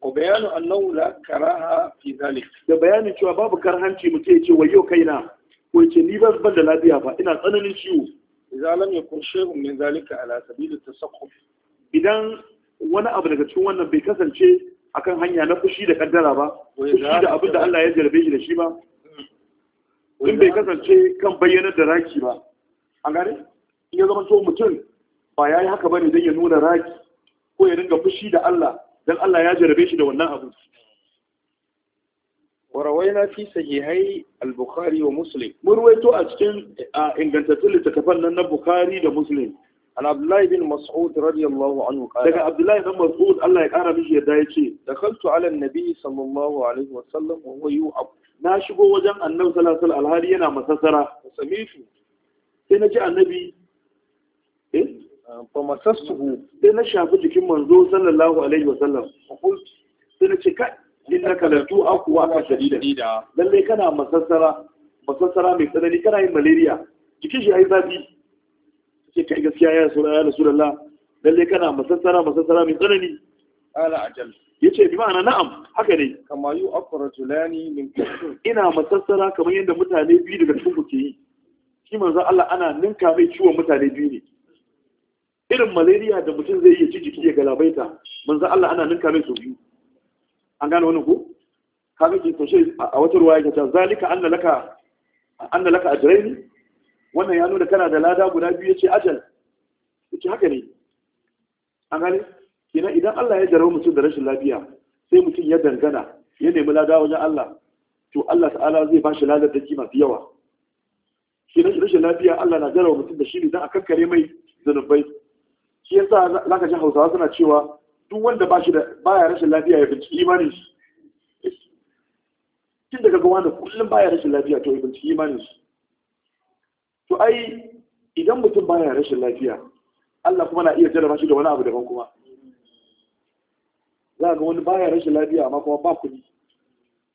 ko bayanu annahu la karaha fi zalik da bayanin cewa babu karhanci mutum ya ce wayo kaina ko yace ni ban da lafiya ba ina tsananin ciwo idza lam yakun shay'un min zalika ala sabil at-tasaqquf idan wani abu daga cikin wannan bai kasance akan hanya na fushi da kaddara ba fushi da abin da Allah ya jarabe shi da shi ba in bai kasance kan bayyanar da raki ba an gane in ya zama to mutum ba ya yi haka bane don ya nuna raki ko ya dinga fushi da Allah don Allah ya jarabe shi da wannan abu warawaina fi sahihai al-bukhari wa muslim mun ruwaito a cikin ingantattun littattafan nan na bukhari da muslim an abdullahi bin mas'ud radiyallahu anhu qala daga abdullahi bin mas'ud Allah ya kara mishi yadda yace dakaltu ala annabi sallallahu alaihi wa sallam wa na shigo wajen annabi sallallahu alaihi wasallam yana masasara samitu sai na ji annabi eh fa masastuhu sai na shafi jikin manzo sallallahu alaihi wa sallam sai na ce kai innaka lartu akuwa ka shadida lalle kana masassara masassara mai tsanani kana yin malaria jikin shi ai zafi ce kai gaskiya ya rasulullah ya rasulullah lalle kana masassara masassara mai tsanani ala ajal yace bi ma'ana na'am haka ne kama yu aqratulani min ina masassara kamar yadda mutane biyu daga cikin kuke yi shi manzo Allah ana ninka mai ciwon mutane biyu ne irin malaria da mutum zai iya ci jiki ya galabaita manzo Allah ana ninka mai sau biyu an gane wani ku? Ka ki to shi a wata ruwa yake cewa zalika an laka a laka ajrayn wannan ya nuna kana da lada guda biyu ce ajal yace haka ne an gani kina idan Allah ya jarau mutum da rashin lafiya sai mutum ya dangana ya nemi lada wajen Allah to Allah ta'ala zai ba shi ladar daki masu yawa shi rashin lafiya Allah na jarau mutum da shi ne don a kankare mai zanubai shi yasa zaka ji Hausawa suna cewa duk wanda ba shi da baya rashin lafiya ya binciki imanin shi tun daga ga wanda kullum baya rashin lafiya to ya binciki imanin shi to ai idan mutum baya rashin lafiya Allah kuma na iya jarraba shi da wani abu daban kuma za ga wani baya rashin lafiya amma kuma ba kuɗi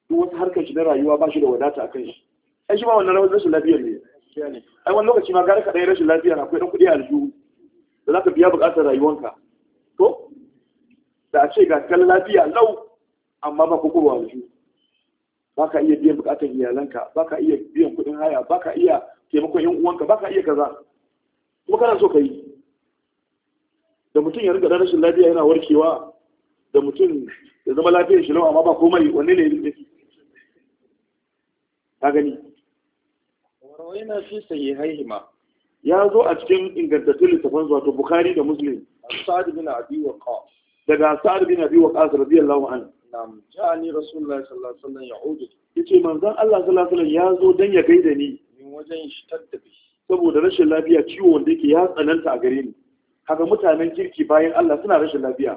duk wata harkar shi na rayuwa ba shi da wadata kan shi ai shi ba wannan rawar rashin lafiyar ne ai wani lokaci ma gara ka ɗaya rashin lafiya na akwai ɗan kuɗi a aljihu da za ka biya buƙatar rayuwanka da a ce ga kan lafiya lau amma ba kukurwa wajen ba ka iya biyan bukatar iyalanka ba ka iya biyan kudin haya ba ka iya taimakon yan uwanka ba ka iya kaza kuma kana so ka yi da mutum ya riga da rashin lafiya yana warkewa da mutum ya zama lafiyar shi lau amma ba komai wanne ne ya dafi ka gani na fi sayi haihima ya zo a cikin ingantattun littafan wato bukhari da muslim sa'ad bin abi waqas daga sa'ad bin abi waqas radiyallahu anhu nam ja'ani rasulullahi sallallahu alaihi wasallam ya'udu yace manzon Allah sallallahu alaihi wasallam ya zo dan ya gaida ni min wajen shi bi saboda rashin lafiya ciwo wanda yake ya tsananta a gare ni haka mutanen kirki bayan Allah suna rashin lafiya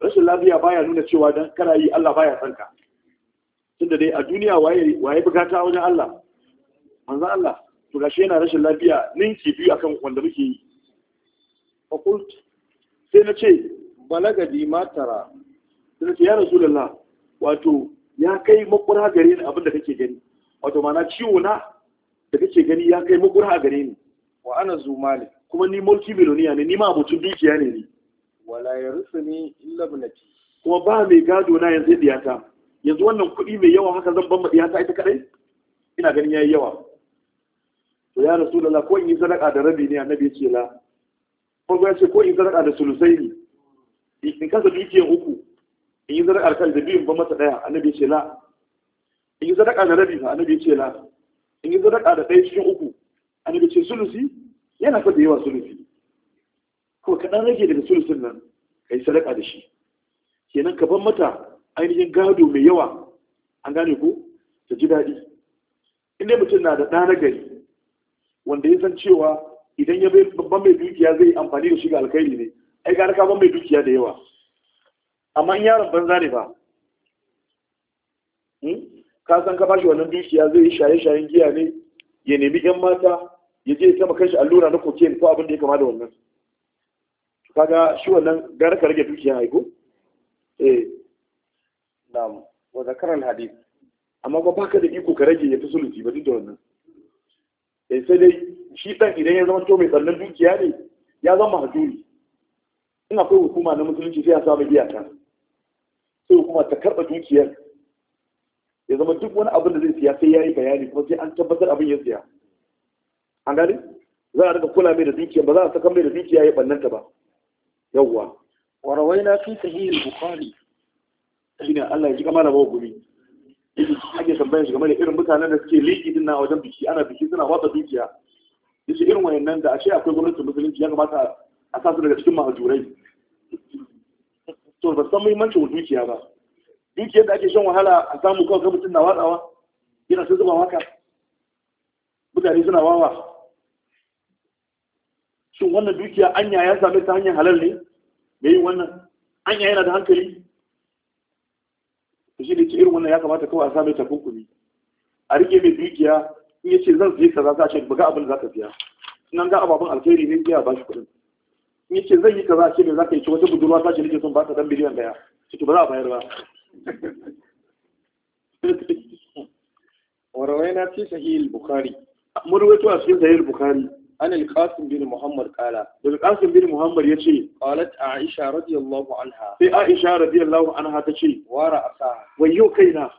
rashin lafiya baya nuna cewa dan kana yi Allah baya san ka tunda dai a duniya waye waye bukata wajen Allah manzon Allah to gashi yana rashin lafiya ninki biyu akan wanda muke yi fakult sai na ce balaga bi ma tara sai ce ya rasulullah wato ya kai makura gare ni abin da kake gani wato mana ciwo na da kake gani ya kai makura gare ni wa ana zumali kuma ni mulki miloniya ne ni ma abucin dukiya ne ni wala yarsuni illa bunati kuma ba mai gado na yanzu diyata yanzu wannan kuɗi mai yawa haka zan ban ma diyata ita kadai ina ganin yayi yawa to ya la ko in yi sadaka da rabi ne annabi ya ce la ko ya ce ko in sadaka da sulusai ne in kasa dukiyar uku in yi sadaka kan da biyun ba masa ɗaya annabi ce la in yi sadaka da rabi a annabi ce la in yi sadaka da ɗaya cikin uku annabi ce sulusi yana fa da yawa sulusi ko kaɗan rage daga sulusin nan ka yi sadaka da shi kenan ka ban mata ainihin gado mai yawa an gane ko ta ji daɗi in dai mutum na da ɗa na gari wanda ya san cewa idan ya bai babban mai dukiya zai amfani da shi ga alkhairi ne ai gane kaman mai dukiya da yawa amma in yaron banza ne ba hmm? ka san ka bashi wannan dukiya zai yi shaye-shayen giya ne ya nemi yan mata ya je sama kashi allura na koke ko abin da ya kama da wannan kaga shi wannan gara ka rage dukiya haiku eh na wa karan hadis amma ba baka da iko ka rage ya fi sulusi ba duk da wannan eh sai dai shi ɗan idan ya zama to mai tsallan dukiya ne ya zama hajjuri in akwai hukuma na musulunci sai a samu iyaka sai hukuma ta karɓa dukiyar ya zama duk wani abin da zai siya sai ya yi bayani kuma sai an tabbatar abin ya siya an gani za a rika kula mai da dukiya ba za a saka mai da dukiya ya ta ba yawwa na fi sahih bukhari shine Allah ya ji kamar babu gumi ake tambayar shi game da irin mutanen da suke liki din na wajen biki ana biki suna watsa dukiya yace irin wayannan da ashe akwai gwamnatin musulunci ya kamata a sa su daga cikin mahajurai to ba san muhimmancin wa dukiya ba dukiyar da ake shan wahala a samu kawai ga mutum na watsawa yana sun zuba waka, mutane suna wawa shin wannan dukiya anya ya same ta hanyar halal ne da yin wannan anya yana da hankali shi ne ce irin wannan ya kamata kawai a same ta kunkumi a rike mai dukiya in ya ce zan ziyarta za a ce Baga abin za ka biya sunan an ga ababen alkhairi ne biya ba shi kudin ni ce zan yi ka za a ce ne za ka yi ci wata budurwa sashi nake sun baka dan biliyan daya ce ba za a bayar ba warawai na ce sahihul bukari mun rubuta a cikin sahihul bukari an alqasim bin muhammad qala daga qasim bin muhammad yace qalat aisha radiyallahu anha sai aisha radiyallahu anha ce. wara asa wayo kaina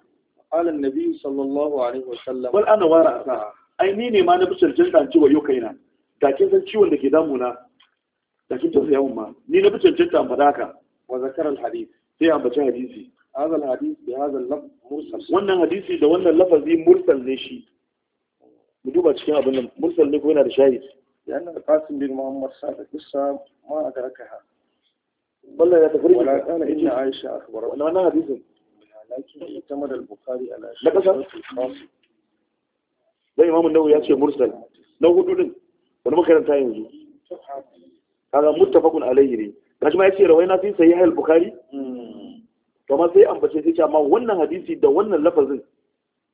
qala an-nabiy sallallahu alaihi wasallam wal ana wara asa ai ni ne ma na bisharjin dan ciwo yau kaina da kin san ciwon da ke damu na da kin tausaya mun ma ni na fi cancanta an faɗa haka wa zakar al sai an bace hadisi hadal hadisi bi hadal laf mursal wannan hadisi da wannan lafazi mursal ne shi mu duba cikin abin nan mursal ne ko yana da shahid لأن القاسم بن محمد صادق قصة ما أدركها والله يا تفريق ولا كان إن عائشة أخبرت ولا أنا حديث لكن اعتمد Bukhari على شيخ القاسم ده إمام النووي يا ya ce Mursal. Na له وأنا Wani makaranta yanzu? kaga muttafaqun alayhi ne gashi ma yace rawaina fi sahih al-bukhari kamar hmm. sai ambace sai amma wannan hadisi da wannan lafazin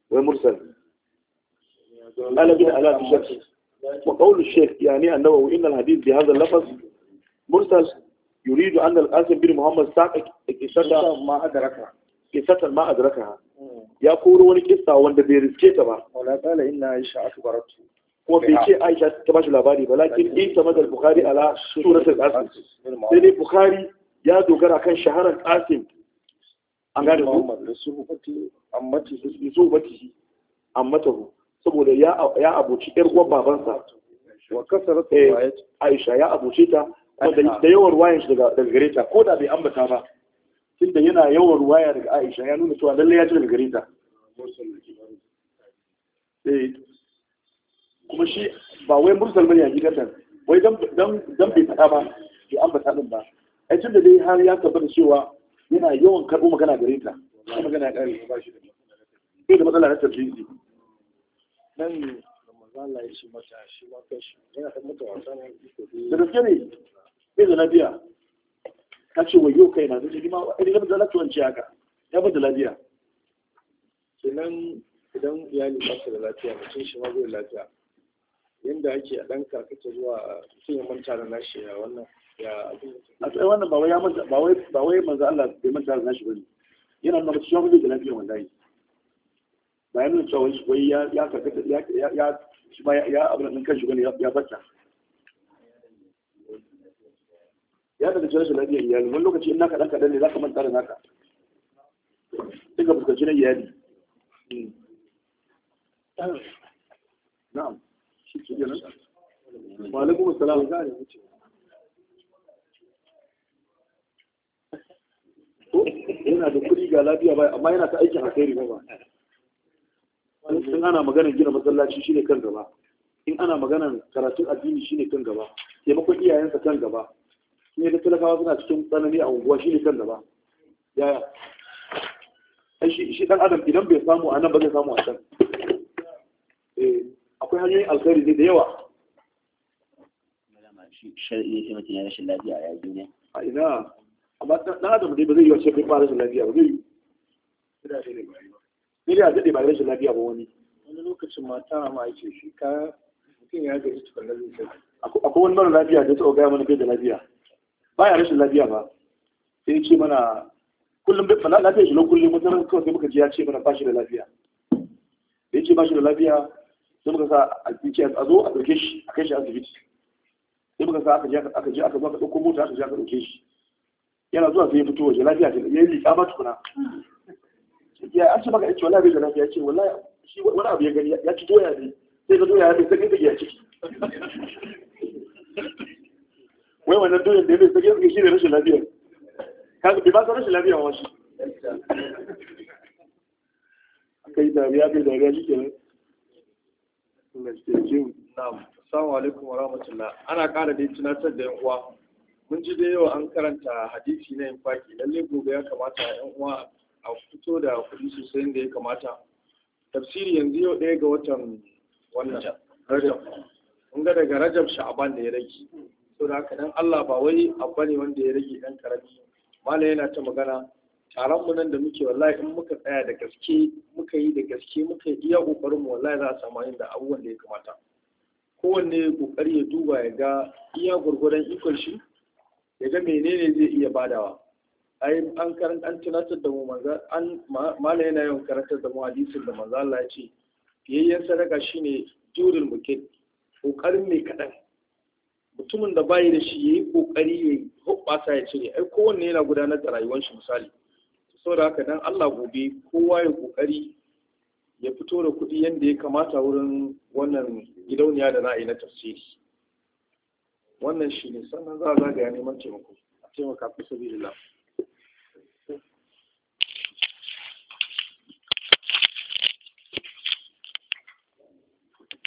wai mursal ala bin ala bi wa qawl al-shaykh yani annahu inna al-hadith bi hadha al-lafaz mursal يريد أن القاسم بن محمد ساق قصة ما أدركها قصة ما أدركها يقول وني قصة وند بيرسكيتا با ولا قال إن عائشة أخبرته kuma bai ce aisha ta bashi labari ba lakin in ta madal bukhari ala suratul qasim sai dai bukhari ya dogara kan shaharar qasim an gane ku ammati zubati ammatahu saboda ya ya aboci yar uwar babansa wa kasarat eh, aisha ya aboce ta da yawan ruwayan shi daga gare ta ko da bai ambata ba tunda yana yawan ruwaya daga aisha ya nuna cewa lallai ya ji daga gare ta eh, kuma shi ba wai mursal bane a gidan wai dan bai faɗa ba an ambata din ba ai tun da dai har ya tabbata cewa yana yawan karɓo magana gare ta kuma magana ya ba shi da da matsala na nan Allah ya ce mata shi ma kai shi yana da ne da gaske ne da ce wayo kai na zai ma ai da lafiya ce haka ya bada lafiya kenan idan iyali ba su da lafiya mutum shi ma zai lafiya inda ake a ɗan karkata zuwa manta da nashi wannan ya a tsaye wannan ba wai ya ba wai manzo Allah bai manta da nashi bane yana nuna cewa bai da lafiya wallahi ba yana cewa wai ya ya karkata ya ya shi ya abin nan kan shi bane ya bata ya daga cewa shi lafiya iyali wani lokaci in naka dan kadan ne ka manta da naka sai fuskanci na iyali hmm. na'am yana da kuɗi ga lafiya ba, amma yana ta aikin alkhairi ba in ana maganar gina masallaci ne kan gaba in ana maganar karatun addini shi ne kan gaba taimakon iyayensa kan gaba in da talakawa suna cikin tsanani a unguwa shi ne kan gaba yaya shi dan adam idan bai samu a nan ba zai samu a can eh. akwai hanyoyin alkhairi da yawa shar'i sai mutum ya rashin lafiya a yaƙi ne a ina amma na adam dai ba zai yi wace kai fara rashin lafiya ba zai yi sai dai a daɗe ba rashin lafiya ba wani wani lokacin mata ma ce shi ka mutum ya gaji tukar lafiya akwai wani mara lafiya da tsawo gaya mana bai da lafiya baya rashin lafiya ba sai ce mana kullum bai fana lafiya shi na kullum wata ran kawai sai muka ji ya ce mana ba shi da lafiya da ya ce ba shi da lafiya sai muka sa a PTS a zo a ɗauke shi a kai shi asibiti sai muka sa aka je aka je aka zo aka ɗauko mota aka je aka ɗauke shi yana zuwa sai ya fito waje lafiya ce ya yi liƙa ba tukuna ya an ce maka ya ce wallahi bai da lafiya ya ce wallahi shi wani abu ya gani ya ci doya ne sai ka doya ne sai ka ya ci wai wannan doyan da ya bai sai ka shi ne rashin lafiya kaga bai ba sa rashin lafiya wa shi akai dariya bai dariya shi kenan Najdirjim. Na'am. Assalamu alaikum wa rahmatullah. Ana ƙara dai tunatar da 'yan uwa. Mun ji da yawa an karanta hadisi na infaki. Lallai gobe ya kamata 'yan uwa a fito da kuɗi sosai da ya kamata. Tafsiri yanzu yau ɗaya ga watan wannan Rajab. Mun ga daga Rajab Sha'aban da ya rage. Saboda haka dan Allah ba wai Abba ne wanda ya rage ɗan karami. Malam yana ta magana taron mu nan da muke wallahi in muka tsaya da gaske muka yi da gaske muka yi iya kokarin mu wallahi za a samu yin da abubuwan da ya kamata kowanne kokari ya duba ya ga iya gurgurdan ikon shi ya ga menene zai iya badawa ai an karanta an tunatar da mu manzo an malai yana yawan karantar da mu hadisin da manzo Allah ya ce yayyan sadaka shine jurul mukid kokarin ne kadan mutumin da bayi da shi yayi kokari ya hobbasa ya cire ai kowanne yana gudanar da rayuwar shi misali da haka dan Allah gobe kowa ya kokari ya fito da kuɗi yadda ya kamata wurin wannan gidauniya da na'ayi na tafsiri wannan shi ne sannan za a zagaya neman taimako a taimaka fi da lafi